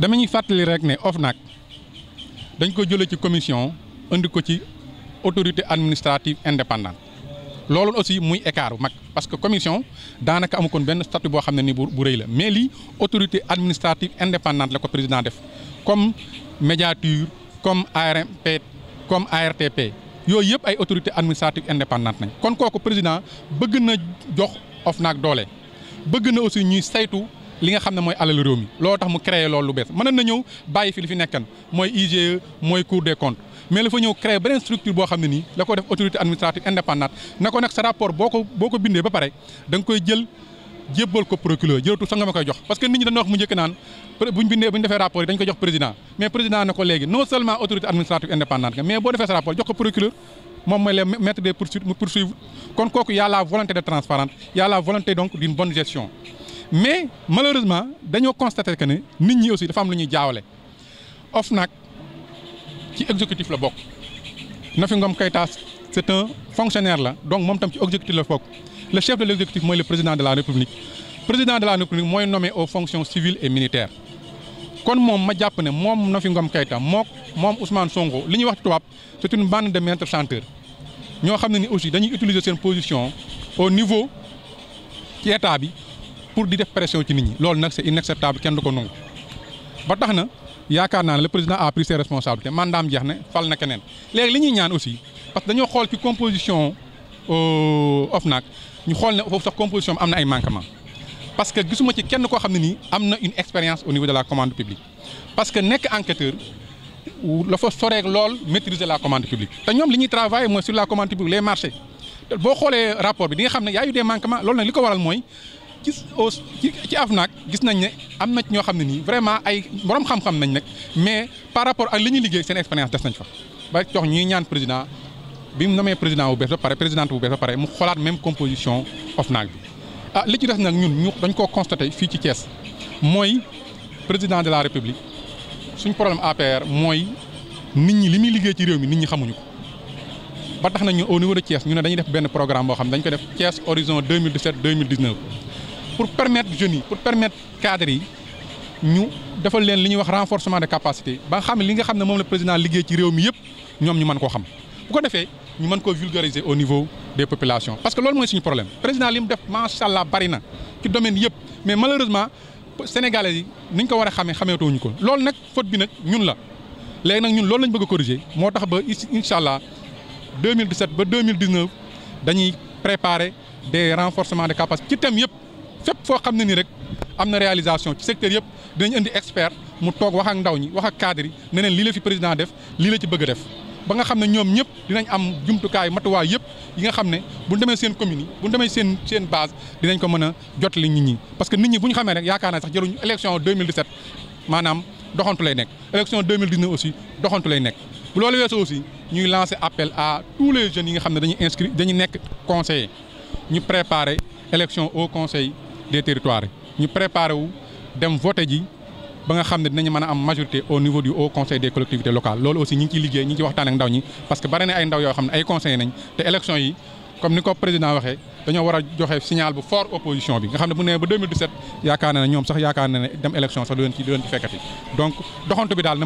dama ñuy fàttali rek ne OFNAC dañ ko jëlee ci commission indi ko ci autorité administrative indépendante loolu aussi muy écart bu mag parce que commission daanaka amu kon benn statut boo xam ne ni bu rëy la mais li autorité administrative indépendante la ko président def comme médiature comme ARMP comme ARTP yooyu yëpp ay autorité administrative indépendante nañ kon kooku président bëgg na jox OFNAC doole bëgg na aussi ñuy saytu. li nga xam ne mooy alalu réew mi loolu tax mu créé loolu lu bees mënoon na ñëw bàyyi fi li fi nekkan mooy IGE mooy Cour des comptes mais dafa ñëw créé beneen structure boo xam ne nii la ko def autorité administrative indépendante na ko nag sa rapport boo ko boo ko bindee ba pare da nga koy jël jébbal ko procureur jëlatu sax nga ma koy jox parce que nit ñi dañu wax mu njëkk naan buñ bindee buñ defee rapport yi dañ ko jox président mais président na ko léegi non seulement autorité administrative indépendante nga mais boo defee sa rapport jox a la volonté de mais malheureusement dañoo constater que ne nit ñi aussi dafa am lu ñuy jaawale OFNAC ci exécutif la bokk Nafi Ngom Keïta c'est un fonctionnaire la donc moom tam ci exécutif la bokk le chef de l'exécutif mooy le président de la république président de la république mooy nommé au fonctions civiles et militaires kon moom ma jàpp ne moom Nafi Ngom Keïta mook moom Ousmane Sonko li ñuy wax tubaab c'est une bande de maîtres chanteurs ñoo xam ne ni aussi dañuy utiliser seen position au niveau ci bi pour di def pression ci nit ñi loolu nag c'est inacceptable kenn ko nangu ba tax na yaakaar naa ne le président a pris ses responsabilités mandaam jeex na fal na keneen léegi li ñuy ñaan aussi parce que dañoo xool ci composition euh, OFNAC ñu xool ne foofu sax composition am na ay manquement parce que gisuma ci kenn koo xam ne nii am na une expérience au niveau de la commande publique parce que nekk enquêteur la fa soreeg lool maîtriser la commande publique te ñuy travailler mooy la commande publique les marchés boo xoolee rapport bi di nga xam ne a ko waral mooy ci ci AFNAC gis nañ ne am na ñoo xam ne nii vraiment ay boroom xam-xam nañ nag mais par rapport ak li ñuy liggéey seen expérience des nañ fa ba jox ñuy ñaan président bi mu nommé président bu bees ba pare présidente bu bees ba pare mu xoolaat même composition OFNAC bi ah li ci des nag ñun ñu dañ koo constaté fii ci cees mooy président de la république suñ problème APR mooy nit ñi li muy liggéey ci réew mi nit ñi xamuñu ko ba tax nañu au niveau de pour permettre jeunes yi pour permettre cadres yi ñu defal leen li ñu wax renforcement de capacité ba xam li nga xam ne moom la président liggéey ci réew mi yëpp ñoom ñu mën koo xam bu ko defee ñu mën koo vulgariser au niveau de population parce que lool mooy suñu problème président li mu def macha allah bari ci domaine yëpp mais malheureusement sénégalais yi niñ ko war a xamee xameetowuñu ko loolu nag faute bi nag ñun la léegi nag ñun loolu lañ bëgg a corriger moo tax ba incha allah 2017 ba 2019 dañuy préparer des renforcements de ci thème yëpp fépp foo xam ne ni rek am na réalisation ci secteur yëpp dinañ indi expert mu toog wax ak ndaw ñi wax ak cadre yi ne leen lii la fi président def lii la ci bëgg def ba nga xam ne ñoom ñëpp dinañ am jumtukaay matuwaay yëpp yi nga xam ne bu ñu demee seen commune yi bu ñu demee seen seen base dinañ ko mën a jot jotali nit ñi parce que nit ñi bu ñu xamee rek yaakaar naa sax jëruñu élection 2017 maanaam doxantu lay nekk élection 2019 aussi doxantu lay nekk bu loolu aussi ñuy lancer appel à les jeunes yi nga xam ne dañuy inscrit dañuy nekk conseiller ñu préparer élection au conseil de territoires ñu préparé wu dem voté ji ba nga xam ne dinañu mën a am majorité au niveau du haut conseil des collectivités locales loolu aussi ñi ngi liggéey ñi ci waxtaan ak ndaw ñi parce que bare ay ndaw yoo xam ne ay conseillers nañ te élection yi comme ni ko président waxee dañoo war a joxe signal bu fort opposition bi nga xam ne bu nee ba 2017 yaakaar na ne ñoom sax yaakaar na ne dem élection sax du leen ci du leen fekkati donc doxantu bi daal